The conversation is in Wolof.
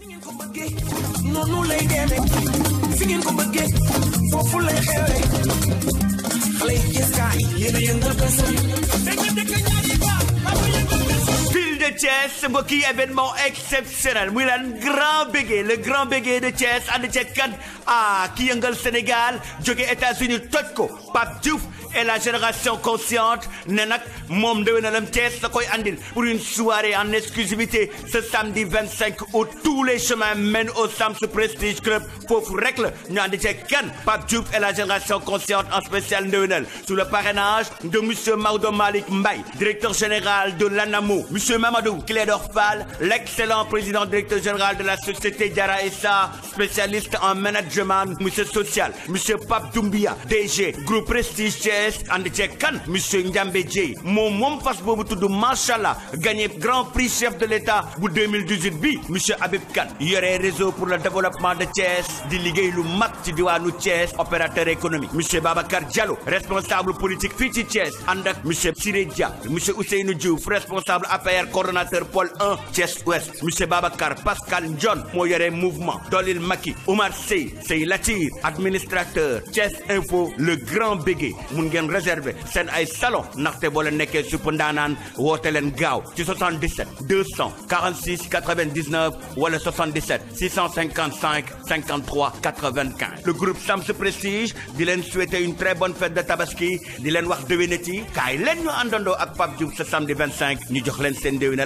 ni ngeen ko bëggee noonu lay demee fi ngeen ko bëggee foofu lay xewee xale yi gis a yëngal Thiès qui événement exceptionnel muy un grand bégué le grand bégué de Thiès ànd ceeg à ah Sénégal jóge États-Unis toj ko Pape Diouf et la génération consciente Nenak, Mom de ndewenalam Thiès la koy andil pour une soirée en exclusivité ce samedi 25 août tous les chemins mènent au Sams Prestige Club foofu Rekle, la ñu Pape Diouf et la génération consciente en spécial ndewenal sous le parrainage de monsieur Maodo Malick Mbaye directeur général de l'ANAMO monsieur Mamadou Clé l'excellent président directeur général de la société Yara spécialiste en management, monsieur social, monsieur Pape Doumbia, DG, groupe Prestige Chess and Kan, monsieur Ndiambe Djei, mon moom Bobu tout tudd mashallah, gagné grand prix chef de l'État pour 2018 B, monsieur Habib Kane réseau pour le développement de Chess, délégué liggéey lu du opérateur économique monsieur Babacar Diallo responsable politique Fiti Chess, M. monsieur Sireja, monsieur Diouf responsable APR Corona. Paul 1 Thiès Ouest M. Babacar Pascal John Moyeré mouvement Dolil Maki Omar Sey Sey Latir administrateur Thiès Info le grand bégué Mungen ngeen Sen Aï ay salon ndaxte boo leen nekkee supp ndaanaan woote 77 246 99 wala 77 655 53 95 le groupe se Prestige Dylan souhaitait une très bonne fête de Tabaski Dylan Wach wax déwénati kaay Andando ñu àndandoo ak Pape ce samedi 25 ñu jox